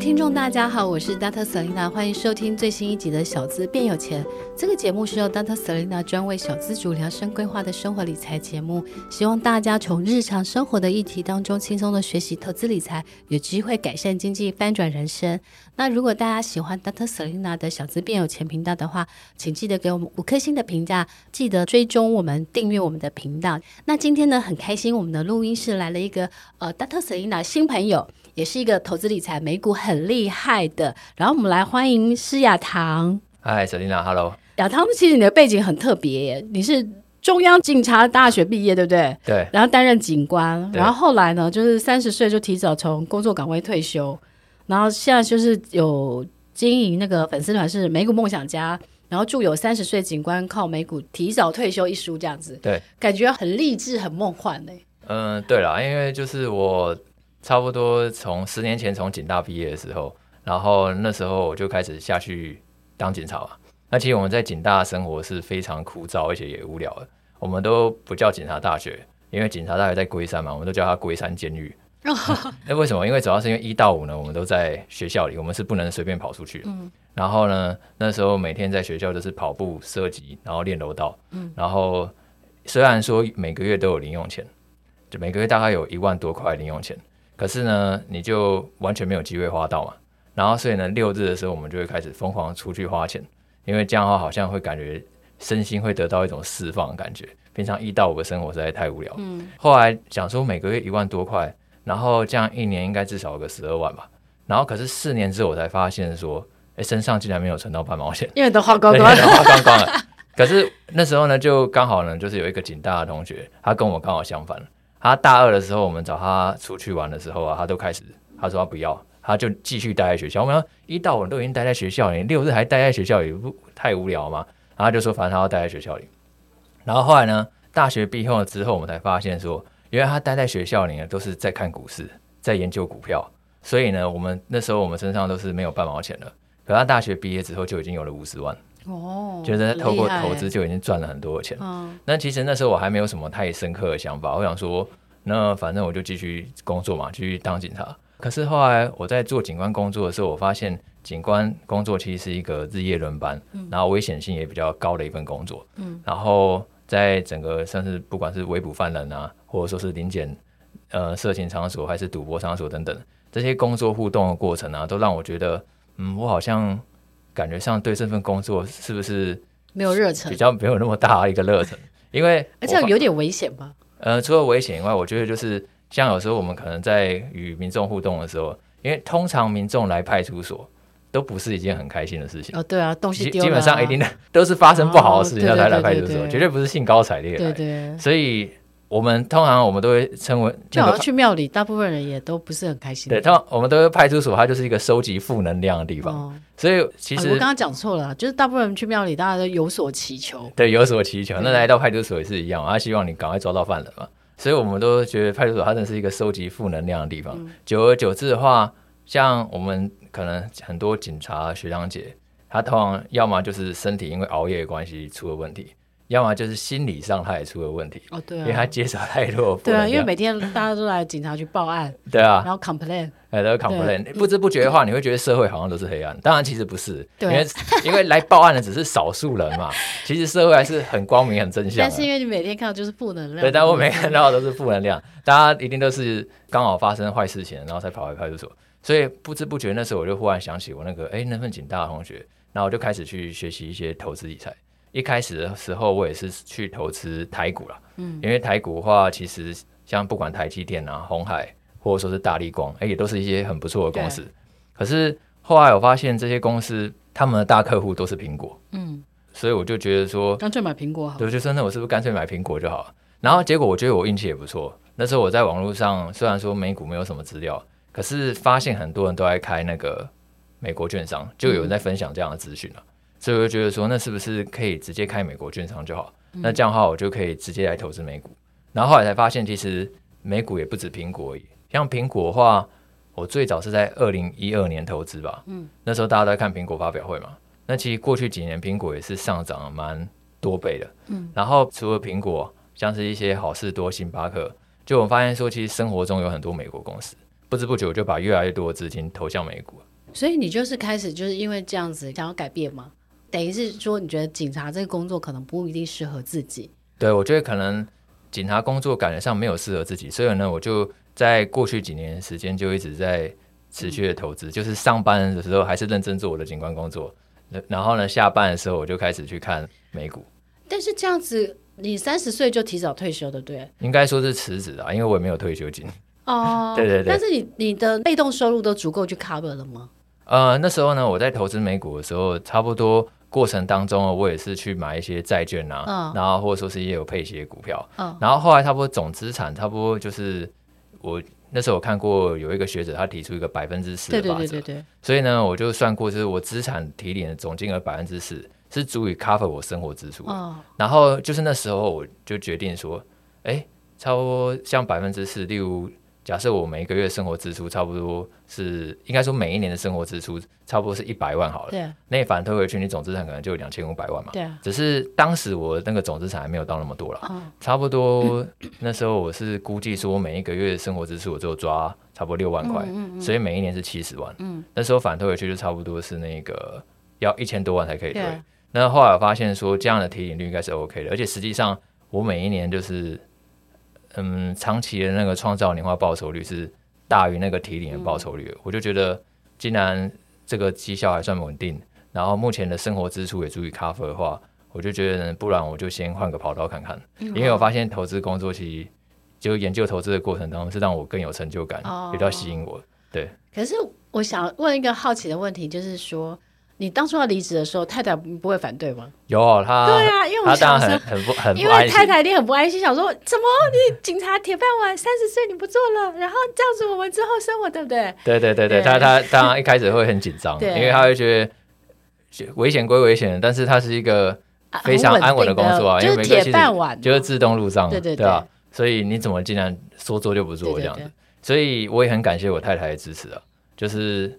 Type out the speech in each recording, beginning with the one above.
聽眾大家好，我是 Dr. Selena，歡迎收聽最新一集的《小資變有錢》。這個節目是由 Dr. Selena 專為小資族量身規劃的生活理財節目，希望大家從日常生活的議題當中輕鬆的學習投資理財，有機會改善經濟，翻轉人生。那如果大家喜歡 Dr. Selena 的《小資變有錢》頻道的話，請記得給我們五顆星的評價，記得追蹤我們，訂閱我們的頻道。那今天呢，很開心我們的錄音室來了一個呃 Dr. Selena 新朋友，也是一個投資理財美股很很厲害的，然後我們來歡迎施雅棠。嗨，小麗娜，Hello。雅棠，其實你的背景很特別耶，你是中央警察大學畢業，對不對？對。然後擔任警官，然後後來呢，就是三十歲就提早從工作崗位退休，然後現在就是有經營那個粉絲團，是美股夢想家，然後著有《三十歲警官靠美股提早退休》一書，這樣子。對。感覺很勵志，很夢幻呢。嗯，對了，因為就是我。差不多從十年前從警大畢業的時候，然後那時候我就開始下去當警察了。那其實我們在警大生活是非常枯燥，而且也無聊的。我們都不叫警察大學，因為警察大學在龜山嘛，我們都叫它龜山監獄、 嗯。那為什麼？因為主要是因為一到五呢，我們都在學校裡，我們是不能隨便跑出去的、嗯。然後呢，那時候每天在學校就是跑步、射擊，然後練柔道、嗯。然後雖然說每個月都有零用錢，就每個月大概有一萬多塊零用錢。可是呢，你就完全沒有機會花到嘛。然後所以呢，六日的時候我們就會開始瘋狂出去花錢，因為這樣的話好像會感覺身心會得到一種釋放的感覺。平常一到五的生活實在太無聊。嗯。後來想說每個月一萬多塊，然後這樣一年應該至少有個十二萬吧。然後可是四年之後我才發現說，誒、欸，身上竟然沒有存到半毛錢，因為都花光光了。花光光了。 可是那時候呢，就剛好呢，就是有一個警大的同學，他跟我剛好相反。他大二的時候，我們找他出去玩的時候啊，他都開始，他說他不要，他就繼續待在學校。我們說一到五都已經待在學校裡，六日還待在學校裡，不太無聊嗎？然後他就說反正他要待在學校裡。然後後來呢，大學畢業了之後，我們才發現說，原來他待在學校裡，都是在看股市，在研究股票，所以呢，我們那時候我們身上都是沒有半毛錢了。可他大學畢業之後就已經有了五十萬。哦、oh，覺得透過投資就已經賺了很多的錢。那，欸、其實那時候我還沒有什麼太深刻的想法，oh. 我想說，那反正我就繼續工作嘛，繼續當警察。可是後來我在做警官工作的時候，我發現警官工作其實是一個日夜輪班、嗯，然後危險性也比較高的一份工作。嗯，然後在整個算是不管是圍捕犯人啊，或者說是臨檢呃色情場所，還是賭博場所等等這些工作互動的過程啊，都讓我覺得，嗯，我好像。感覺上對這份工作是不是沒有熱忱，比較沒有那麼大一個熱忱，忱 因為這樣有點危險吧？呃，除了危險以外，我覺得就是像有時候我們可能在與民眾互動的時候，因為通常民眾來派出所都不是一件很開心的事情哦，對啊，東啊基本上一定都是發生不好的事情要來派出所，哦、對對對對對對，絕對不是興高采烈的，對，所以。我們通常我們都會稱為，對，好像去廟裡大部分人也都不是很開心的。對，他我們都會派出所，它就是一個收集負能量的地方。哦、所以其實、哦、我剛剛講錯了，就是大部分人去廟裡，大家都有所祈求。對，有所祈求，那來到派出所也是一樣，他、啊、希望你趕快抓到犯人嘛。所以我們都覺得派出所它真的是一個收集負能量的地方、嗯。久而久之的話，像我們可能很多警察學長姐，他通常要麼就是身體因為熬夜的關係出了問題。要麼就是心理上他也出了問題哦，對、啊，因為他接觸太多，對啊，因為每天大家都來警察局報案， 對啊，然後 complain，哎，都是 complain，不知不覺的話、嗯，你會覺得社會好像都是黑暗，當然其實不是，因為 因為來報案的只是少數人嘛，其實社會還是很光明很真相的正向的，但是因為你每天看到就是負能量，對，但我每天看到都是負能量， 大家一定都是剛好發生壞事情，然後才跑來派出所，所以不知不覺那時候我就忽然想起我那個哎那份警大的同學，然後我就開始去學習一些投資理財。一開始的時候，我也是去投資台股了。嗯，因為台股的話，其實像不管台積電啊、鴻海或者說是大立光，哎、欸，也都是一些很不錯的公司。可是後來我發現，這些公司他們的大客戶都是蘋果。嗯，所以我就覺得說，乾脆買蘋果好了。對，就說那我是不是乾脆買蘋果就好了？然後結果我覺得我運氣也不錯。那時候我在網絡上，雖然說美股沒有什麼資料，可是發現很多人都在開那個美國券商，就有人在分享這樣的資訊了。嗯所以我就覺得說，那是不是可以直接開美國券商就好？嗯、那這樣的話，我就可以直接來投資美股。然後後來才發現，其實美股也不止蘋果而已。像蘋果的話，我最早是在二零一二年投資吧。嗯，那時候大家都在看蘋果發表會嘛。那其實過去幾年，蘋果也是上漲了蠻多倍的。嗯，然後除了蘋果，像是一些好事多、星巴克，就我發現說，其實生活中有很多美國公司。不知不覺，我就把越來越多的資金投向美股。所以你就是開始就是因為這樣子想要改變嗎？等於是說，你覺得警察這個工作可能不一定適合自己。對，我覺得可能警察工作感覺上沒有適合自己，所以呢，我就在過去幾年時間就一直在持續的投資，嗯。就是上班的時候還是認真做我的警官工作，然後呢，下班的時候我就開始去看美股。但是這樣子，你三十歲就提早退休的，對？應該說是辭職了，因為我也沒有退休金。哦， 對對對。但是你你的被動收入都足夠去 cover 了嗎？呃，那時候呢，我在投資美股的時候，差不多。過程當中我也是去買一些債券吶、啊，oh. 然後或者說是也有配一些股票，oh. 然後後來差不多總資產差不多就是我那時候我看過有一個學者他提出一個百分之四的法則對對對對對對，所以呢我就算過就是我資產提領總金額百分之四是足以 cover 我生活支出，oh. 然後就是那時候我就決定說，哎，差不多像百分之四，例如。假設我每一個月生活支出差不多是，應該說每一年的生活支出差不多是一百萬好了。那你反推回去，你總資產可能就兩千五百萬嘛。只是當時我那個總資產還沒有到那麼多了，嗯，差不多那時候我是估計說，我每一個月的生活支出我就抓差不多六萬塊，嗯嗯嗯，所以每一年是七十萬，嗯。那時候反推回去就差不多是那個要一千多萬才可以退。對。那後來我發現說，這樣的提領率應該是 OK 的，而且實際上我每一年就是。嗯，長期的那個創造年化報酬率是大於那個提領的報酬率、嗯，我就覺得既然這個績效還算穩定，然後目前的生活支出也足以 cover 的話，我就覺得不然我就先換個跑道看看、嗯哦，因為我發現投資工作其實就研究投資的過程當中是讓我更有成就感，比、哦、較吸引我。對。可是我想問一個好奇的問題，就是說。你當初要離職的時候，太太不會反對嗎？有啊，他，對啊，因為我當時很，很不很不，因為太太一定很不安心，想說怎麼你警察鐵飯碗三十歲你不做了，然後這樣子我們之後生活對不對？對對對對，對他他當然一開始會很緊張， 因為他會覺得危險歸危險，但是他是一個非常安穩的工作啊，因為鐵飯碗就是自動入賬、就是，對對對啊，所以你怎麼竟然說做就不做這樣子？所以我也很感謝我太太的支持啊，就是。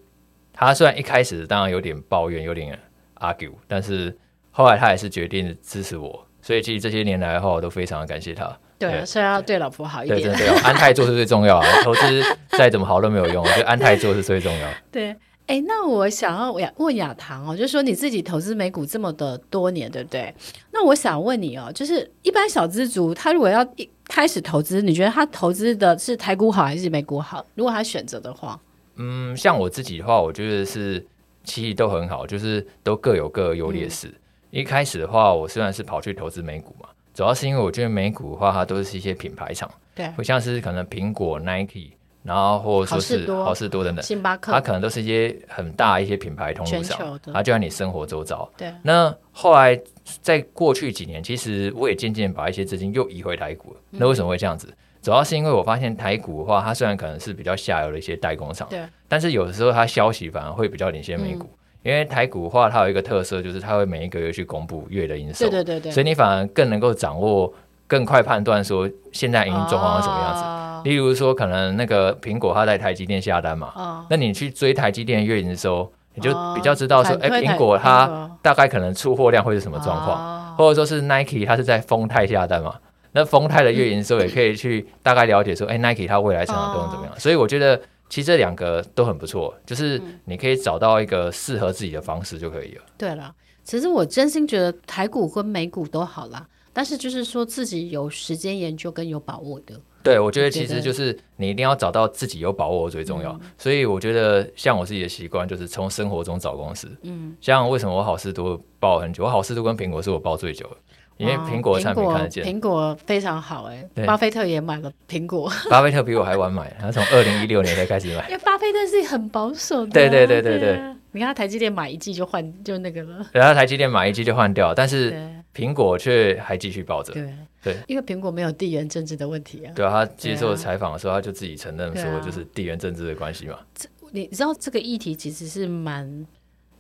他雖然一開始當然有點抱怨，有點 argue，但是後來他還是決定支持我，所以其實這些年來的話，我都非常的感謝他對。對，所以要對老婆好一點。對，對，對安太座是最重要的， 投資再怎麼好都沒有用，就安太座是最重要的。對，哎、欸，那我想要我問雅棠哦，就是說你自己投資美股這麼的多年，對不對？那我想問你哦，就是一般小資族，他如果要一開始投資，你覺得他投資的是台股好還是美股好？如果他選擇的話？嗯，像我自己的話，我覺得是其實都很好，就是都各有各優劣勢。一開始的話，我雖然是跑去投資美股嘛，主要是因為我覺得美股的話，它都是一些品牌廠，對，會像是可能蘋果、Nike，然後或者說是好事多、好事多等等，星巴克，它可能都是一些很大一些品牌通路商，它、啊、就讓你生活周遭。對，那後來在過去幾年，其實我也漸漸把一些資金又移回台股了、嗯、那為什麼會這樣子？主要是因為我發現台股的話，它雖然可能是比較下游的一些代工廠，對、但是有的時候它消息反而會比較領先美股。嗯、因為台股的話，它有一個特色就是它會每一個月去公布月的營收，對對對對，所以你反而更能夠掌握、更快判斷說現在營運狀況是什麼樣子。啊、例如說，可能那個蘋果它在台積電下單嘛，啊、那你去追台積電的月營收，你就比較知道說，誒，蘋果它大概可能出貨量會是什麼狀況，啊、或者說是 Nike 它是在豐泰下單嘛。那豐泰的運營的時候，也可以去大概了解說，嗯、哎，Nike 它未來成長動能怎麼樣、哦？所以我覺得其實這兩個都很不錯，就是你可以找到一個適合自己的方式就可以了。對了，其實我真心覺得台股跟美股都好啦，但是就是說自己有時間研究跟有把握的。對，我覺得其實就是你一定要找到自己有把握，最重要、嗯。所以我覺得像我自己的習慣，就是從生活中找公司。嗯，像為什麼我好市多抱很久？我好市多跟蘋果是我抱最久的。因為蘋果的產品看得見，蘋、哦、果,果非常好哎、欸，巴菲特也買了蘋果，巴菲特比我還晚買， 他從二零一六年才開始買。 因為巴菲特是很保守的、啊，對對對對對,對,對對對。你看他台積電買一季就換就那個了，對，他台積電買一季就換掉，但是蘋果卻還繼續抱着。對對,對，因為蘋果沒有地緣政治的問題啊。對啊，他接受採訪的時候他就自己承認說，就是地緣政治的關係嘛。啊、這你知道這個議題其實是蠻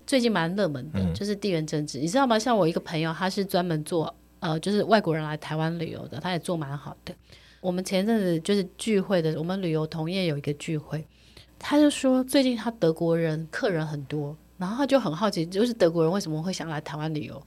最近蠻熱門的嗯嗯，就是地緣政治，你知道嗎？像我一個朋友，他是專門做。呃，就是外國人來台灣旅遊的，他也做蠻好的。我們前陣子就是聚會的，我們旅遊同業有一個聚會，他就說最近他德國人客人很多，然後他就很好奇，就是德國人為什麼會想來台灣旅遊？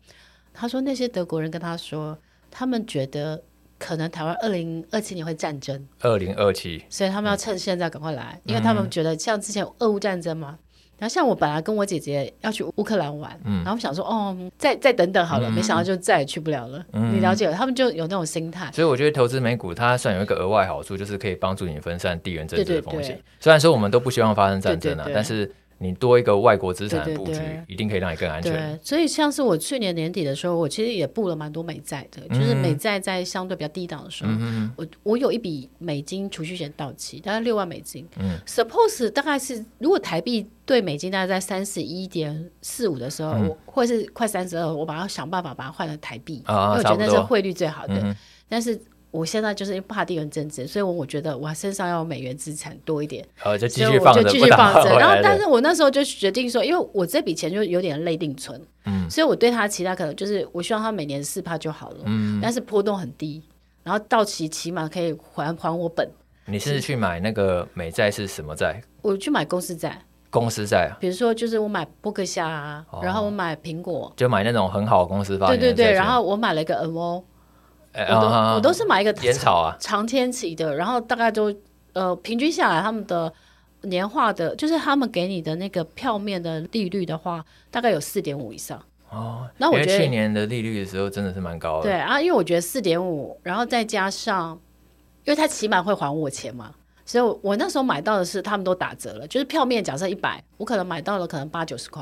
他說那些德國人跟他說，他們覺得可能台灣二零二七年會戰爭，二零二七，所以他們要趁現在趕快來，嗯，因為他們覺得像之前俄烏戰爭嘛。然後像我本來跟我姐姐要去烏克蘭玩、嗯，然後想說哦，再再等等好了、嗯，沒想到就再也去不了了。嗯、你了解了，他們就有那種心態。所以我覺得投資美股它算有一個額外好處，就是可以幫助你分散地緣政治的風險。雖然說我們都不希望發生戰爭啊，對對對對，但是。你多一個外國資產的布局，對對對，一定可以讓你更安全。對，所以像是我去年年底的時候，我其實也布了蠻多美債的，嗯、就是美債在相對比較低檔的時候，嗯、我我有一筆美金儲蓄險到期，大概六萬美金。Suppose 大概是如果台幣對美金大概在三十一點四五的時候，嗯、我或是快三十二，我把它想辦法把它換成台幣，哦啊，因為我覺得那是匯率最好的。嗯、但是我現在就是怕地緣政治，所以我覺得我身上要有美元資產多一點，然、哦、就繼續放着，就繼續放着然後，但是我那時候就決定說，因為我這筆錢就有點類定存，嗯，所以我對他其他可能就是我希望他每年四趴就好了，嗯，但是波動很低，然後到期起碼可以還還我本。你是去買那個美債是什麼債？我去買公司債，公司債、啊，比如說就是我買波克夏啊、哦，然後我買蘋果，就買那種很好的公司發債對對對，然後我買了一個 MO。欸、我都、哦、我都是買一個長，草、啊、長天期的，然後大概都呃平均下來，他們的年化的就是他們給你的那個票面的利率的話，大概有四點五以上。哦，那我覺得去年的利率的時候真的是蠻高的。對啊，因為我覺得四點五，然後再加上，因為他起碼會還我錢嘛，所以我我那時候買到的是他們都打折了，就是票面假設一百，我可能買到了可能八九十塊，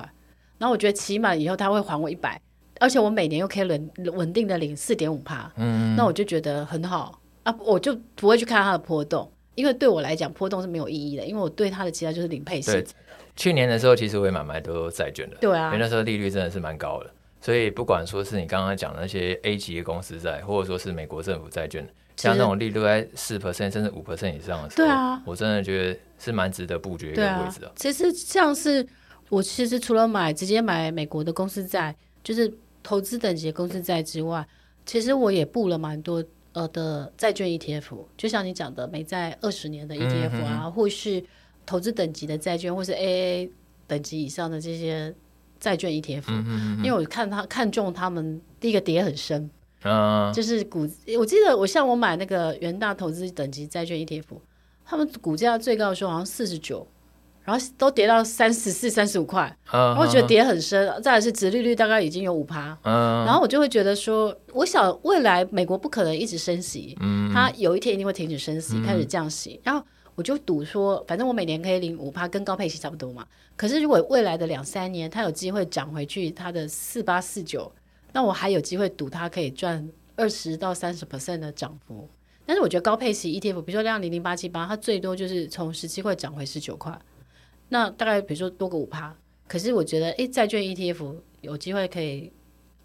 然後我覺得起碼以後他會還我一百。而且我每年又可以穩穩定的領四點五趴，那我就覺得很好啊，我就不會去看它的波動，因為對我來講波動是沒有意義的，因為我對它的期待就是領配息。去年的時候其實我也買蠻多債券了，對啊，因為那時候利率真的是蠻高的，所以不管說是你剛剛講那些 A 級的公司債，或者說是美國政府債券，像那種利率在四 percent 甚至五 percent 以上的時候，對啊，我真的覺得是蠻值得布局一個位置的、啊啊。其實像是我其實除了買直接買美國的公司債，就是。投資等級的公司債之外，其實我也布了蠻多呃的債券 ETF，就像你講的，美債二十年的 ETF 啊，嗯、或是投資等級的債券，或是 AA 等級以上的這些債券 ETF、嗯哼哼。因為我看他看中他們第一個跌很深、嗯，就是股，我記得我像我買那個元大投資等級債券 ETF，他們股價最高的時候好像四十九。然後都跌到三十四、三十五塊，uh -huh. 然後我覺得跌很深。再來是殖利率大概已經有五趴，uh -huh. 然後我就會覺得說，我想未來美國不可能一直升息，uh -huh. 它有一天一定會停止升息，uh -huh. 開始降息。然後我就賭說，反正我每年可以領五趴，跟高配息差不多嘛。可是如果未來的兩三年它有機會漲回去，它的四八四九，那我還有機會賭它可以賺二十到三十%的漲幅。但是我覺得高配息 ETF，比如說像零零八七八，它最多就是從十七塊漲回十九塊。那大概比如說多個五趴，可是我覺得，哎，債券 ETF 有機會可以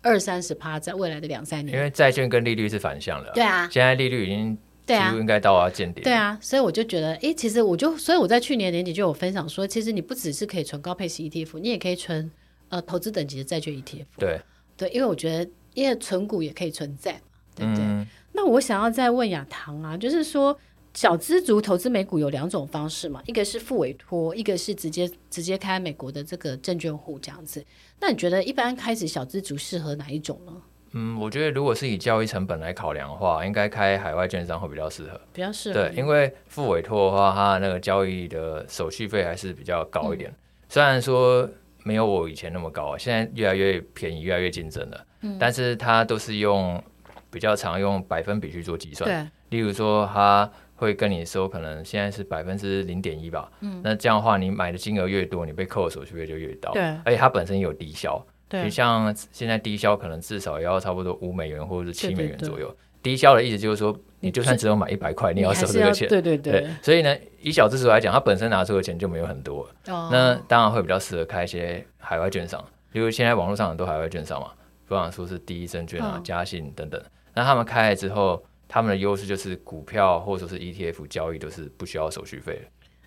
二三十趴，在未來的兩三年。因為債券跟利率是反向的，啊。對啊。現在利率已經幾乎應該到要見頂。對啊，所以我就覺得，哎，其實我就所以我在去年年底就有分享說，其實你不只是可以存高配息 ETF，你也可以存呃投資等級的債券 ETF。對。對，因為我覺得，因為存股也可以存在嘛，對不對？嗯。那我想要再問雅棠啊，就是說。小資族投資美股有兩種方式嘛，一個是複委託，一個是直接直接開美國的這個證券戶這樣子。那你覺得一般開始小資族適合哪一種呢？嗯，我覺得如果是以交易成本來考量的話，應該開海外券商會比較適合。比較適合。對，因為複委託的話，它那個交易的手續費還是比較高一點。嗯。雖然說沒有我以前那麼高，現在越來越便宜，越來越競爭了。嗯。但是它都是用比較常用百分比去做計算。對。例如說它。會跟你說，可能現在是百分之零點一吧。嗯。那這樣的話，你買的金額越多，你被扣的手續費就越高。而且它本身有低消。你像現在低消可能至少也要差不多五美元或者是七美元左右。對對對，低消的意思就是說，你就算只有買一百塊，你要收這個錢。對對對。對，所以呢，以小資族來講，它本身拿出的錢就沒有很多。哦。那當然會比較適合開一些海外券商，比如現在網絡上很多海外券商嘛，不管說是第一證券啊、嘉、哦、信等等。那他們開了之後。他們的優勢就是股票或者是 ETF 交易都是不需要手續費的。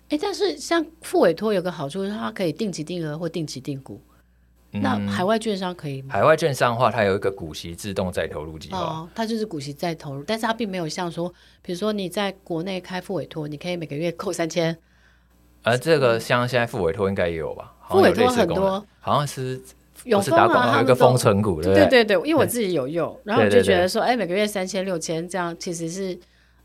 哎、欸，但是像複委託有個好處，它可以定期定額或定期定股，嗯。那海外券商可以嗎？海外券商的話，它有一個股息自動再投入計畫，哦，它就是股息再投入，但是它並沒有像說，比如說你在國內開複委託，你可以每個月扣三千。而、呃、這個像現在複委託應該也有吧？複委託很多，好像是。啊、不是打廣告、啊，有一個封存股，對對對,對對對，因為我自己有用，對對對然後我就覺得說，哎、欸，每個月三千六千這樣，其實是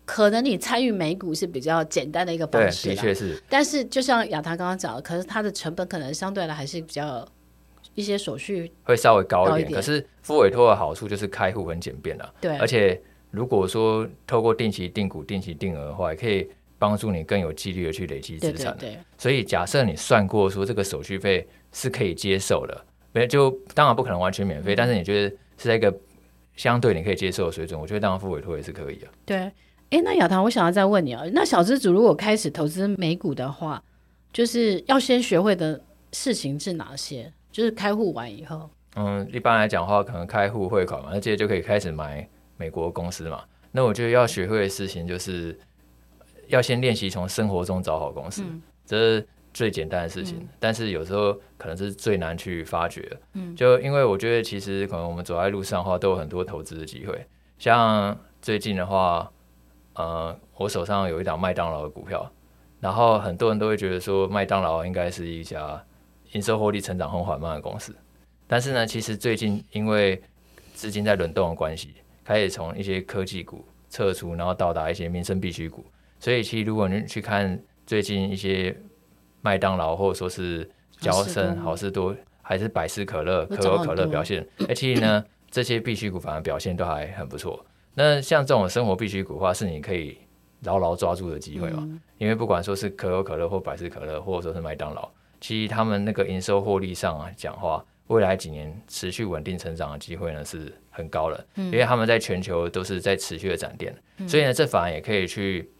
可能你參與美股是比較簡單的一個方式，的確是。但是就像雅棠剛剛講的，可是它的成本可能相對來還是比較一些手續會稍微高一點。可是複委託的好處就是開戶很簡便了，對。而且如果說透過定期定股、定期定額的話，也可以幫助你更有紀律的去累積資產。對,對,對。所以假設你算過說這個手續費是可以接受的。沒就當然不可能完全免費、嗯，但是你覺得是在一個相對你可以接受的水準，我覺得當然複委託也是可以的、啊。對，哎、欸，那雅棠，我想要再問你啊，那小資族如果開始投資美股的話，就是要先學會的事情是哪些？就是開戶完以後，嗯，一般來講的話，可能開戶會考嘛，那接著就可以開始買美國公司嘛。那我覺得要學會的事情就是要先練習從生活中找好公司，嗯、這。最簡單的事情，嗯，但是有時候可能是最難去發掘。嗯，就因為我覺得，其實可能我們走在路上的話，都有很多投資的機會。像最近的話，呃，我手上有一檔麥當勞的股票，然後很多人都會覺得說，麥當勞應該是一家營收獲利成長很緩慢的公司。但是呢，其實最近因為資金在輪動的關係，開始從一些科技股撤出，然後到達一些民生必需股。所以，其實如果你去看最近一些。麥當勞或者說是嬌生、哦、好市多，還是百事可樂、可口可樂表現，而且、欸、呢，這些必需股反而表現都還很不錯。那像這種生活必需股的話，是你可以牢牢抓住的機會嘛、嗯？因為不管說是可口可樂或百事可樂，或者說是麥當勞，其實他們那個營收獲利上啊，講話未來幾年持續穩定成長的機會呢是很高的、嗯，因為他們在全球都是在持續的展店、嗯，所以呢，這反而也可以去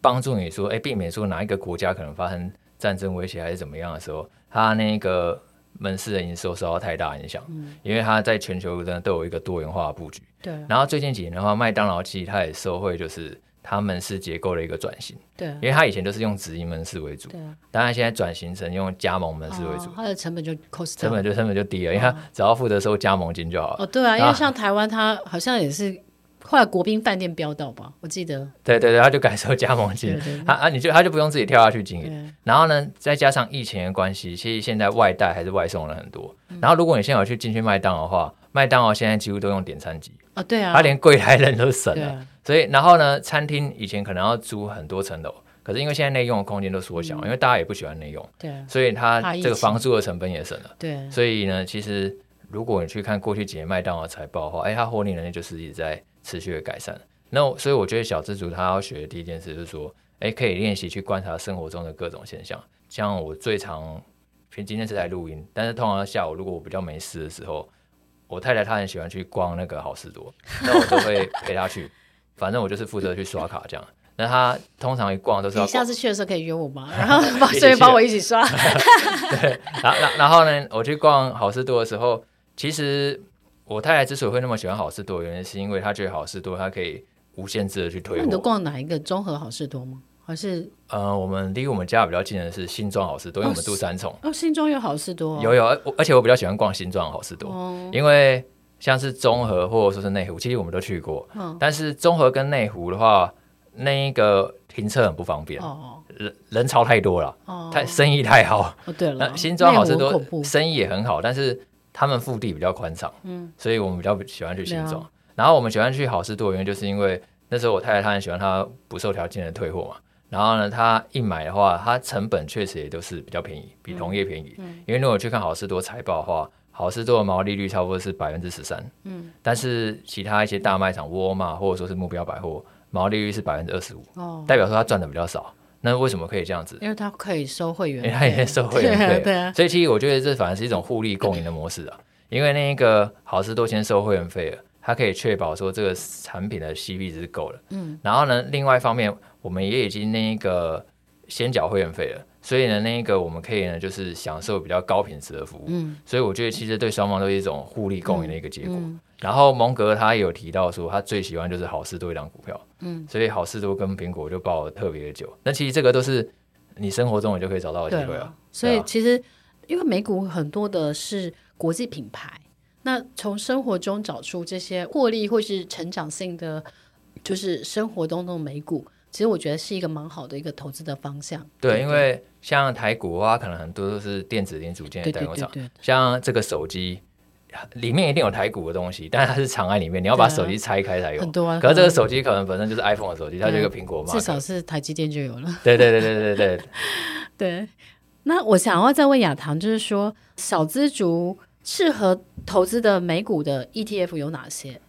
幫助你說，哎、欸，避免說哪一個國家可能發生。戰爭威脅還是怎麼樣的時候，他那個門市的營收受到太大影響，嗯，因為他在全球的都有一個多元化的布局。對，然後最近幾年的話，麥當勞其實他也收回，就是他門市結構的一個轉型，對，因為他以前都是用直營門市為主，當然現在轉型成用加盟門市為主，他的成本就 cost 成本就成本就低了，因為他只要負責收加盟金就好了。哦，對啊，因為像台灣，他好像也是。後來國賓飯店標到吧，我記得。對對對，他就改收加盟金， 對對對，他啊，你就他就不用自己跳下去經營。然後呢，再加上疫情的關係，其實現在外帶還是外送了很多、嗯。然後如果你現在有去進去麥當勞的話，麥當勞現在幾乎都用點餐機啊、哦，對啊，他、啊、連櫃檯人都省了。啊、所以然後呢，餐廳以前可能要租很多層樓、啊，可是因為現在內用的空間都縮小了、嗯，因為大家也不喜歡內用，對、啊，所以他這個房租的成本也省了。對，所以呢，其實如果你去看過去幾年麥當勞財報的話，誒、啊哎，他獲利能力就是一直在，在。持續的改善。那我所以我覺得小資族他要學的第一件事就是說，誒，可以練習去觀察生活中的各種現象。像我最常平今天是在錄音，但是通常下午如果我比較沒事的時候，我太太她很喜歡去逛那個好事多，那我就會陪她去。 反正我就是負責去刷卡這樣。那她通常一逛都是要，你下次去的時候可以約我嗎？然後幫 順便幫我一起刷。 對，然然，然後呢，我去逛好事多的時候，其實。我太太之所以會那麼喜歡好事多，原因是因為她覺得好事多，她可以無限制的去推。那你都逛哪一個中和好事多嗎？還是呃，我們離我們家比較近的是新莊好事多。哦，因為我們住三重。哦，新莊有好事多？哦，有有，而而且我比較喜歡逛新莊好事多，哦，因為像是中和或者說是內湖，其實我們都去過。哦，但是中和跟內湖的話，那一個停車很不方便，哦，人人潮太多了，哦，太生意太好。哦，對了，新莊好事多生意也很好，但是。他們腹地比較寬敞，嗯，所以我們比較喜歡去新莊，嗯。然後我們喜歡去好市多，原因就是因為那時候我太太她很喜歡她不受條件的退貨嘛。然後呢，她一買的話，它成本確實也都是比較便宜，比同業便宜，嗯嗯。因為如果去看好市多財報的話，好市多的毛利率差不多是百分之十三，但是其他一些大賣場沃爾瑪，嗯、或者說是目標百貨，毛利率是百分之二十五，代表說她賺的比較少。那為什麼可以這樣子？因為它可以收會員，他也收會員費、啊，對啊。所以其實我覺得這反而是一種互利共贏的模式啊。 因為那一個好事多先收會員費了，它可以確保說這個產品的 CP 值夠了。嗯，然後呢，另外一方面，我們也已經那一個先繳會員費了，所以呢，那一個我們可以呢就是享受比較高品質的服務。嗯，所以我覺得其實對雙方都是一種互利共贏的一個結果。嗯嗯然後蒙格他也有提到說，他最喜歡就是好市多一張股票，嗯，所以好市多跟蘋果就抱了特別的久。那其實這個都是你生活中你就可以找到的機會啊，對啊對。所以其實因為美股很多的是國際品牌，那從生活中找出這些獲利或是成長性的，就是生活中的美股，其實我覺得是一個蠻好的一個投資的方向。對，對對，因為像台股的話，可能很多都是電子零組件的代工廠，對對對對對對，像這個手機。裡面一定有台股的東西，但是它是藏在裡面。你要把手機拆開才有。很多、啊。可是這個手機可能本身就是 iPhone 的手機，它就一個蘋果嘛。至少是台積電就有了。對對對對對對對，對， 對。那我想要再問雅棠，就是說小資族適合投資的美股的 ETF 有哪些？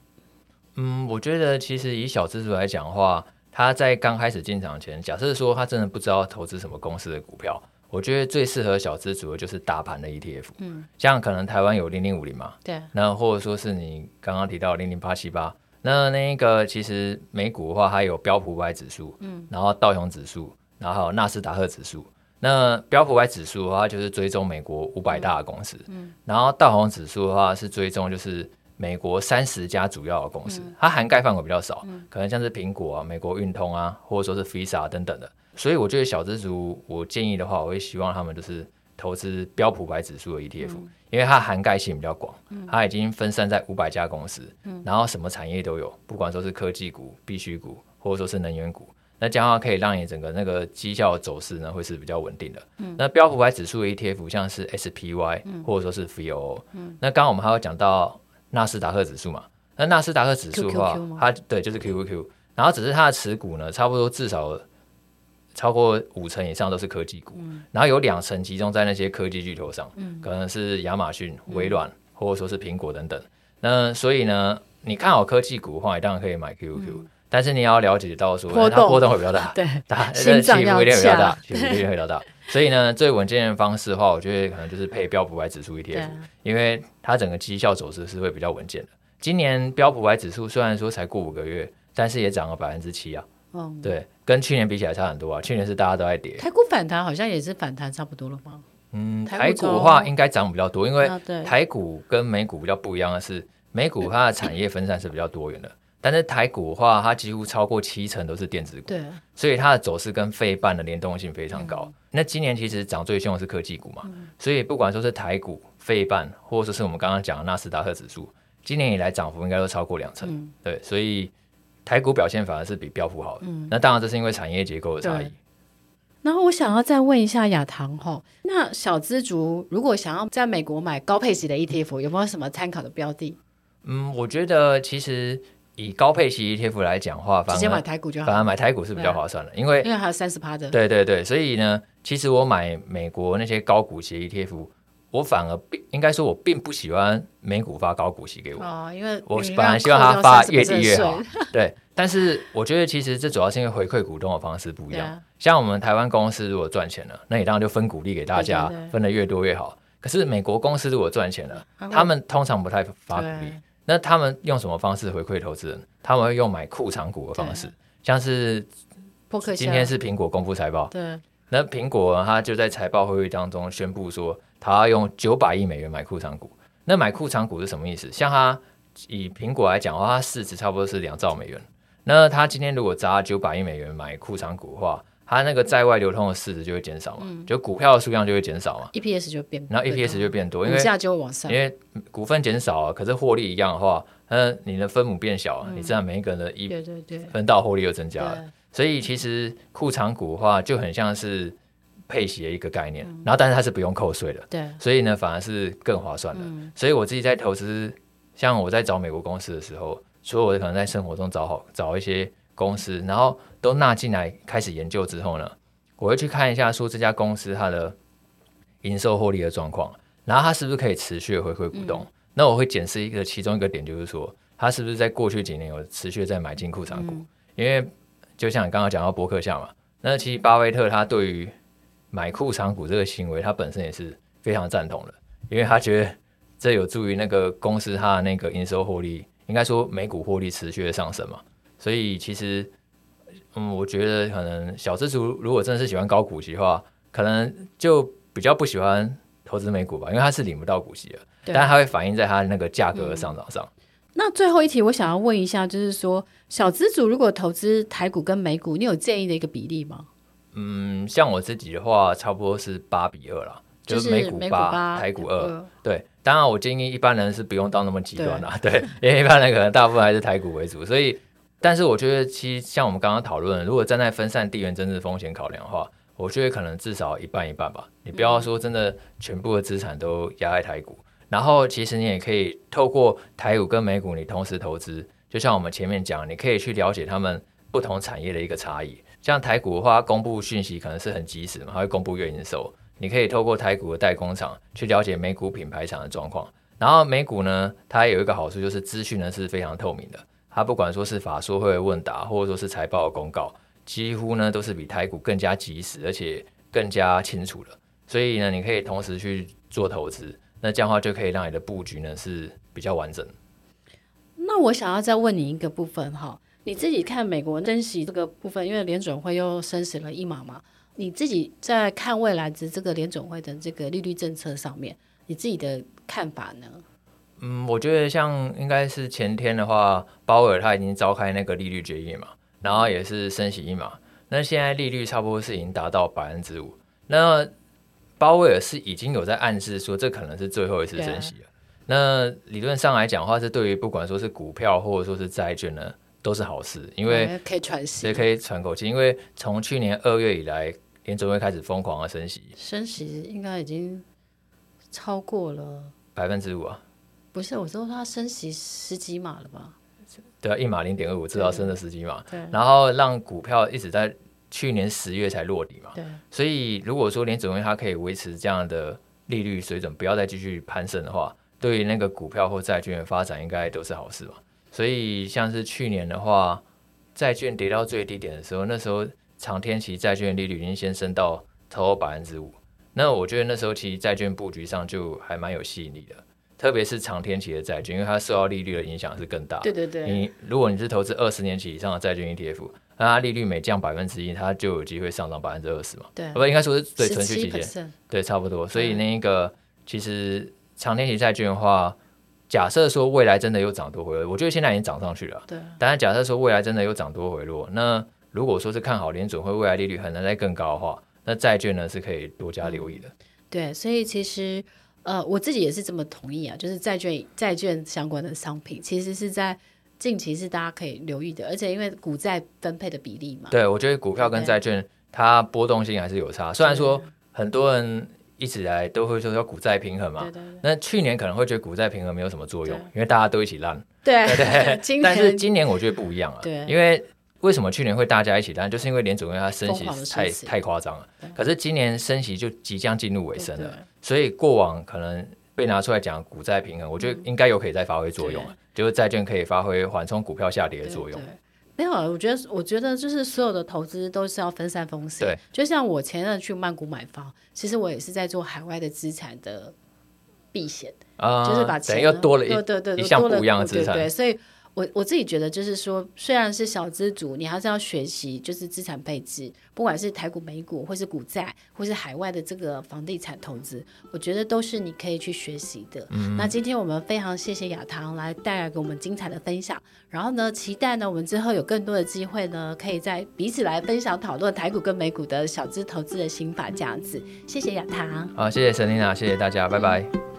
嗯，我覺得其實以小資族來講的話，他在剛開始進場前，假設說他真的不知道投資什麼公司的股票。我覺得最適合小資族的就是大盤的 ETF，嗯，像可能台灣有零零五零嘛，對，那或者說是你剛剛提到零零八七八，那那個其實美股的話，它有標普五百指數，嗯，然後道瓊指數，然後納斯達克指數，那標普五百指數的話就是追蹤美國五百大的公司，嗯，然後道瓊指數的話是追蹤就是美國三十家主要的公司，嗯，它涵蓋範圍比較少，嗯，可能像是蘋果啊、美國運通啊，或者說是 VISA 等等的。所以我覺得小資族，我建議的話，我會希望他們就是投資標普五百指數的 ETF、嗯、因為它涵蓋性比較廣、嗯，它已經分散在五百家公司、嗯，然後什麼產業都有，不管說是科技股、必需股，或者說是能源股，那這樣可以讓你整個那個績效走勢呢會是比較穩定的、嗯。那標普五百指數的 ETF 像是 SPY、嗯、或者說是 VOO、嗯、那剛剛我們還有講到納斯達克指數嘛？那納斯達克指數的話，它對就是 QQQ、嗯、然後只是它的持股呢，差不多至少。超過五成以上都是科技股、嗯，然後有兩成集中在那些科技巨頭上，嗯、可能是亞馬遜、嗯、微軟或者說是蘋果等等。那所以呢，嗯、你看好科技股的話，你當然可以買 QQ，、嗯、但是你要了解到說波、哎、它波動會比較大，對，真的起伏會比較大，起伏會比較大。所以呢，最穩健的方式的話，我覺得可能就是配標普500指數 ETF、啊，因為它整個績效走勢是會比較穩健的。今年標普500指數雖然說才過五個月，但是也漲了百分之七啊。嗯、對，跟去年比起來差很多啊。去年是大家都在跌，台股反彈好像也是反彈差不多了嗎？嗯，台，台股的話應該漲比較多，因為台股跟美股比較不一樣的是，美股它的產業分散是比較多元的，嗯、但是台股的話，它幾乎超過七成都是電子股，對，所以它的走勢跟費半的聯動性非常高。嗯、那今年其實漲最凶的是科技股嘛、嗯，所以不管說是台股、費半，或者說是我們剛剛講的納斯達克指數，今年以來漲幅應該都超過兩成、嗯。對，所以。台股表現反而是比標普好的，嗯，那當然這是因為產業結構的差異。然後我想要再問一下雅棠吼，那小資族如果想要在美國買高配息的 ETF，嗯，有沒有什麼參考的標的？嗯，我覺得其實以高配息 ETF 來講的話，反而直接買台股就好了，反而買台股是比較划算的。啊，因為因為還有三十趴的。對對對，所以呢，其實我買美國那些高股息 ETF，我反而並應該說，我並不喜歡美股發高股息給我。哦、因為我本來希望他發越低越好。 對，但是我覺得其實這主要是因為回饋股東的方式不一樣。啊、像我們台灣公司如果賺錢了，那你當然就分股利給大家，分得越多越好，對對對。可是美國公司如果賺錢了，他們通常不太發股利。那他們用什麼方式回饋投資人？他們會用買庫藏股的方式，像是今天是蘋果公布財報。對，那蘋果它就在財報會議當中宣布說。他用九百億美元買庫藏股，那買庫藏股是什麼意思？像他以蘋果來講的話，他市值差不多是兩兆美元。那他今天如果砸九百億美元買庫藏股的話，他那個在外流通的市值就會減少嘛、嗯，就股票的數量就會減少嘛、嗯、EPS 就變多，然後 EPS 就變多，嗯、因為股價就會往上。因為股份減少啊，可是獲利一樣的話，那你的分母變小、嗯，你這樣每一個人的一，分到獲利又增加了，對對對。所以其實庫藏股的話就很像是。配息的一個概念，嗯、然後但是它是不用扣稅的，對，所以呢反而是更划算的。嗯、所以我自己在投資，像我在找美國公司的時候，除了可能在生活中找好找一些公司，然後都納進來開始研究之後呢，我會去看一下說這家公司它的營收獲利的狀況，然後它是不是可以持續回饋股東、嗯。那我會檢視一個其中一個點就是說，它是不是在過去幾年有持續的在買進庫藏股、嗯，因為就像你剛剛講到伯克夏嘛，那其實巴菲特他對於買庫藏股這個行為，他本身也是非常贊同的，因為他覺得這有助於那個公司它的那個營收獲利，應該說每股獲利持續的上升嘛。所以其實，嗯，我覺得可能小資族如果真的是喜歡高股息的話，可能就比較不喜歡投資美股吧，因為他是領不到股息的，但是他會反映在他那個價格上漲上、嗯。那最後一題，我想要問一下，就是說小資族如果投資台股跟美股，你有建議的一個比例嗎？嗯，像我自己的話，差不多是八比二啦，就是美股八，台股二。嗯。對，當然我建議一般人是不用到那麼極端啦。對。對，因為一般人可能大部分還是台股為主。所以，但是我覺得其實像我們剛剛討論，如果站在分散地緣政治風險考量的話，我覺得可能至少一半一半吧。你不要說真的全部的資產都壓在台股。嗯。然後其實你也可以透過台股跟美股你同時投資，就像我們前面講，你可以去了解他們不同產業的一個差異。像台股的話，公布訊息可能是很及時嘛，它會公布月營收。你可以透過台股的代工廠去了解美股品牌廠的狀況。然後美股呢，它有一個好處就是資訊呢是非常透明的。它不管說是法說會問答，或者說是財報的公告，幾乎呢都是比台股更加及時，而且更加清楚的。所以呢，你可以同時去做投資，那這樣的話就可以讓你的布局呢是比較完整。那我想要再問你一個部分哈。你自己看美國升息這個部分，因為聯準會又升息了一碼嘛。你自己在看未來的這個聯準會的這個利率政策上面，你自己的看法呢？嗯，我覺得像應該是前天的話，鮑威爾他已經召開那個利率決議嘛，然後也是升息一碼。那現在利率差不多是已經達到百分之五，那鮑威爾是已經有在暗示說這可能是最後一次升息了啊。那理論上來講的話，是對於不管說是股票或者說是債券呢？都是好事，因為可以喘息，也可以喘口氣。因為從去年二月以來，聯準會開始瘋狂的升息，升息應該已經超過了百分之五啊。不是，我說他升息十幾碼了吧？對啊，一碼零點二五，至少升了十幾碼對。對，然後讓股票一直在去年十月才落底嘛。對，所以如果說聯準會他可以維持這樣的利率水準，不要再繼續攀升的話，對於那個股票或債券的發展，應該都是好事嘛。所以，像是去年的話，債券跌到最低點的時候，那時候長天期債券利率已經先升到超過百分之五。那我覺得那時候其實債券布局上就還蠻有吸引力的，特別是長天期的債券，因為它受到利率的影響是更大的。對對對。你如果你是投資二十年期以上的債券 ETF，那它利率每降百分之一，它就有機會上漲百分之二十嘛？對，不，應該說是，對，存續期間，對，差不多。所以那個、嗯、其實長天期債券的話。假設說未來真的又漲多回落，我覺得現在已經漲上去了。對，當然假設說未來真的又漲多回落，那如果說是看好聯準會未來利率很難再更高的話，那債券呢是可以多加留意的。嗯、對，所以其實呃，我自己也是這麼同意啊，就是債券債券相關的商品，其實是在近期是大家可以留意的，而且因為股債分配的比例嘛。對，我覺得股票跟債券它波動性還是有差，雖然說很多人。嗯一直以來都會說要股債平衡嘛，對對對，那去年可能會覺得股債平衡沒有什麼作用，因為大家都一起爛，對對、對。但是今年我覺得不一樣啊，因為為什麼去年會大家一起爛，就是因為聯準會，因為它升息太升息太、太誇張了。可是今年升息就即將進入尾聲了對對，所以過往可能被拿出來講股債平衡，我覺得應該有可以再發揮作用了，就是債券可以發揮緩衝股票下跌的作用。對對沒有，我覺得，我覺得就是所有的投資都是要分散風險。對，就像我前陣去曼谷買房，其實我也是在做海外的資產的避險，呃、就是把錢又多了一對對對，多了一項不一樣的資產，嗯、對，對，所以。我我自己覺得，就是說，雖然是小資族，你還是要學習，就是資產配置，不管是台股、美股，或是股債，或是海外的這個房地產投資，我覺得都是你可以去學習的。嗯。那今天我們非常謝謝雅棠來帶來給我們精彩的分享，然後呢，期待呢我們之後有更多的機會呢，可以在彼此來分享討論台股跟美股的小資投資的心法這樣子。謝謝雅棠。好，謝謝 Selina，謝謝大家，拜拜。嗯。